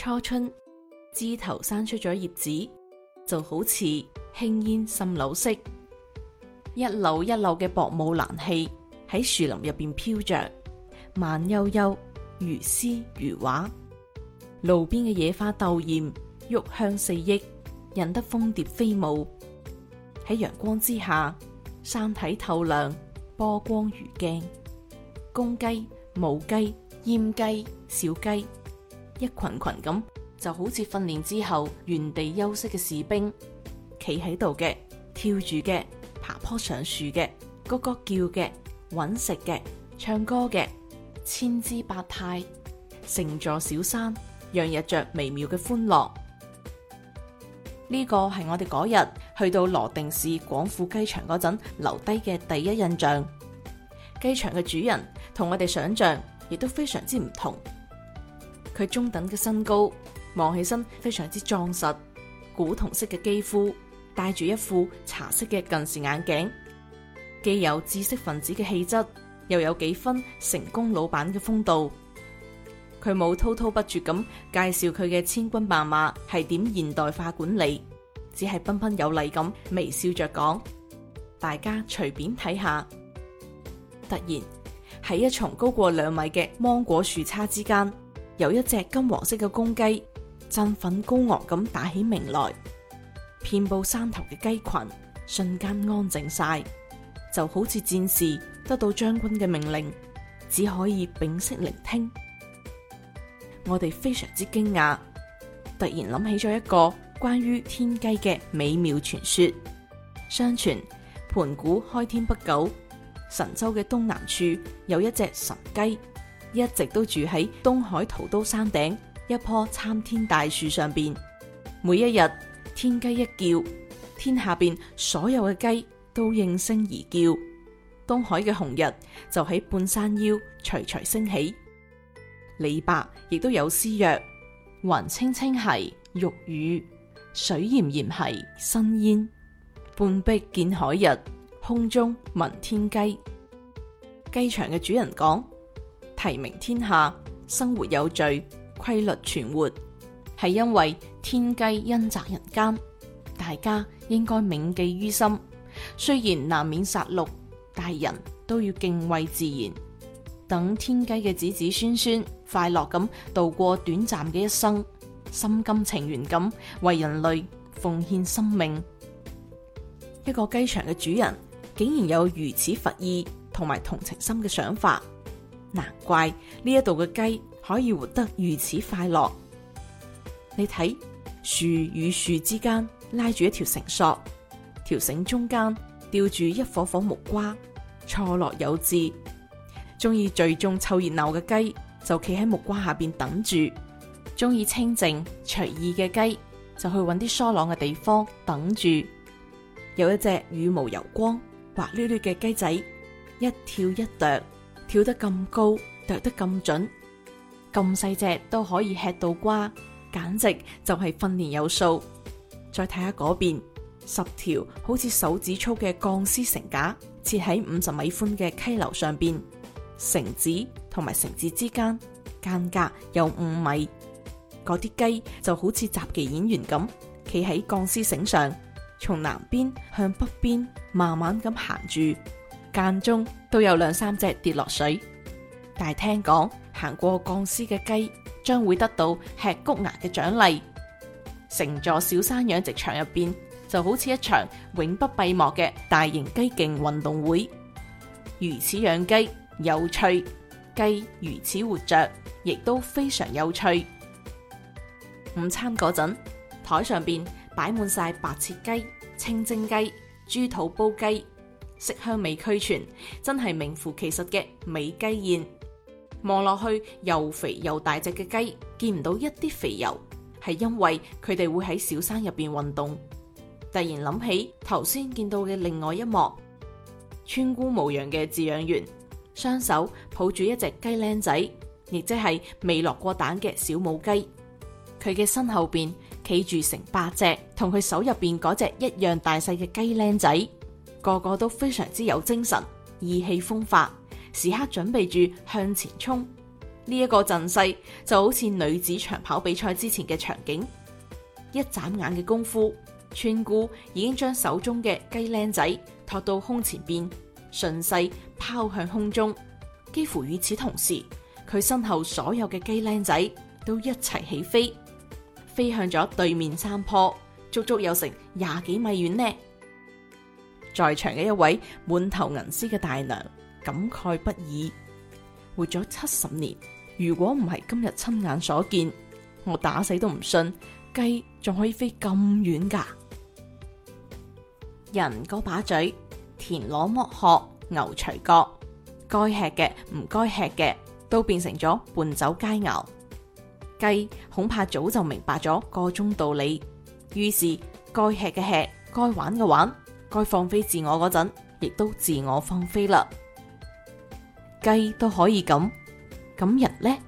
初春，枝頭生出咗葉子，就好似輕煙滲柳色，一縷一縷嘅薄霧嵐氣喺樹林入邊飄着，慢悠悠，如詩如畫。路邊嘅野花鬥艷，鬱香四溢，引得蜂蝶飛舞。喺陽光之下，山體透亮，波光如鏡。公雞、母雞、閹雞、小雞。一群群咁就好似訓練之後原地休息嘅士兵，企喺度嘅，跳住嘅，爬坡上樹嘅，咯咯叫嘅，揾食嘅，唱歌嘅，千姿百態，成座小山，洋溢着微妙嘅歡樂。呢個係我哋嗰日去到羅定市廣府雞場嗰陣留低嘅第一印象。雞場嘅主人同我哋想象亦都非常之唔同。佢中等嘅身高，望起身非常之壯實，古銅色嘅肌膚，戴住一副茶色嘅近視眼鏡，既有知識分子嘅氣質，又有幾分成功老闆嘅風度。佢冇滔滔不絕咁介紹佢嘅千軍萬馬係點現代化管理，只係彬彬有禮咁微笑着講，大家隨便睇下。突然喺一叢高過兩米嘅芒果樹杈之間。有一隻金黃色嘅公雞，振奮高昂咁打起鳴來，遍布山頭嘅雞群瞬間安靜晒，就好似戰士得到將軍嘅命令，只可以屏息聆聽。我哋非常之驚訝，突然諗起咗一個關於天雞嘅美妙傳說。相傳盤古開天不久，神州嘅東南處有一隻神雞。一直都住喺東海桃都山頂一棵參天大樹上邊。每一日天雞一叫，天下邊所有嘅雞都應聲而叫。東海嘅紅日就喺半山腰徐徐升起。李白亦都有詩曰：雲青青兮欲雨，水澹澹兮生煙。半壁見海日，空中聞天雞。雞場嘅主人講。啼明天下，生活有序、規律存活，係因為天雞恩澤人間，大家應該銘記於心。雖然難免殺戮，但人都要敬畏自然，等天雞嘅子子孫孫快樂咁度過短暫嘅一生，心甘情願咁為人類奉獻生命。一個雞場嘅主人竟然有如此佛意同埋同情心嘅想法。難怪呢一度嘅雞可以活得如此快樂。你睇樹與樹之間拉住一條繩索，條繩中間吊住一顆顆木瓜，錯落有致。中意聚眾湊熱鬧嘅雞就企喺木瓜下邊等住，中意清靜隨意嘅雞就去揾啲疏朗嘅地方等住。有一隻羽毛油光、滑溜溜嘅雞仔，一跳一啄。跳得咁高，啄得咁準，咁細隻都可以吃到瓜，簡直就係訓練有素。再睇下嗰邊，十條好似手指粗嘅鋼絲繩架設喺五十米寬嘅溪流上邊，繩子同埋繩子之間間隔有五米，嗰啲雞就好似雜技演員咁，企喺鋼絲繩上，從南邊向北邊慢慢咁行住。間中都有兩三隻跌落水，但係聽講行過鋼絲嘅雞將會得到吃谷芽嘅獎勵。成座小山養殖場入邊就好似一場永不閉幕嘅大型雞競運動會。如此養雞有趣，雞如此活着亦都非常有趣。午餐嗰陣，台上邊擺滿晒白切雞、清蒸雞、豬肚煲雞。色香味俱全，真係名副其實嘅美雞宴。望落去又肥又大隻嘅雞，見唔到一啲肥油，係因為佢哋會喺小山入邊運動。突然諗起頭先見到嘅另外一幕，村姑模樣嘅飼養員，雙手抱住一隻雞僆仔，亦即係未落過蛋嘅小母雞。佢嘅身後邊企住成百隻同佢手入邊嗰隻一樣大細嘅雞僆仔。個個都非常之有精神，意氣風發，時刻準備住向前衝。呢、這、一個陣勢就好似女子長跑比賽之前嘅場景。一眨眼嘅功夫，村姑已經將手中嘅雞僆仔托到胸前邊，順勢拋向空中。幾乎與此同時，佢身後所有嘅雞僆仔都一齊起，起飛，飛向咗對面山坡，足足有成廿幾米遠呢。在場嘅一位滿頭銀絲嘅大娘感慨不已：活咗七十年，如果唔係今日親眼所見，我打死都唔信雞仲可以飛咁遠㗎。人個把嘴，田螺剝殼，牛除角，該吃嘅唔該吃嘅都變成咗伴酒佳餚。雞恐怕早就明白咗個中道理，於是該吃嘅吃，該玩嘅玩。該放飛自我嗰陣，亦都自我放飛啦。雞都可以咁，咁人呢？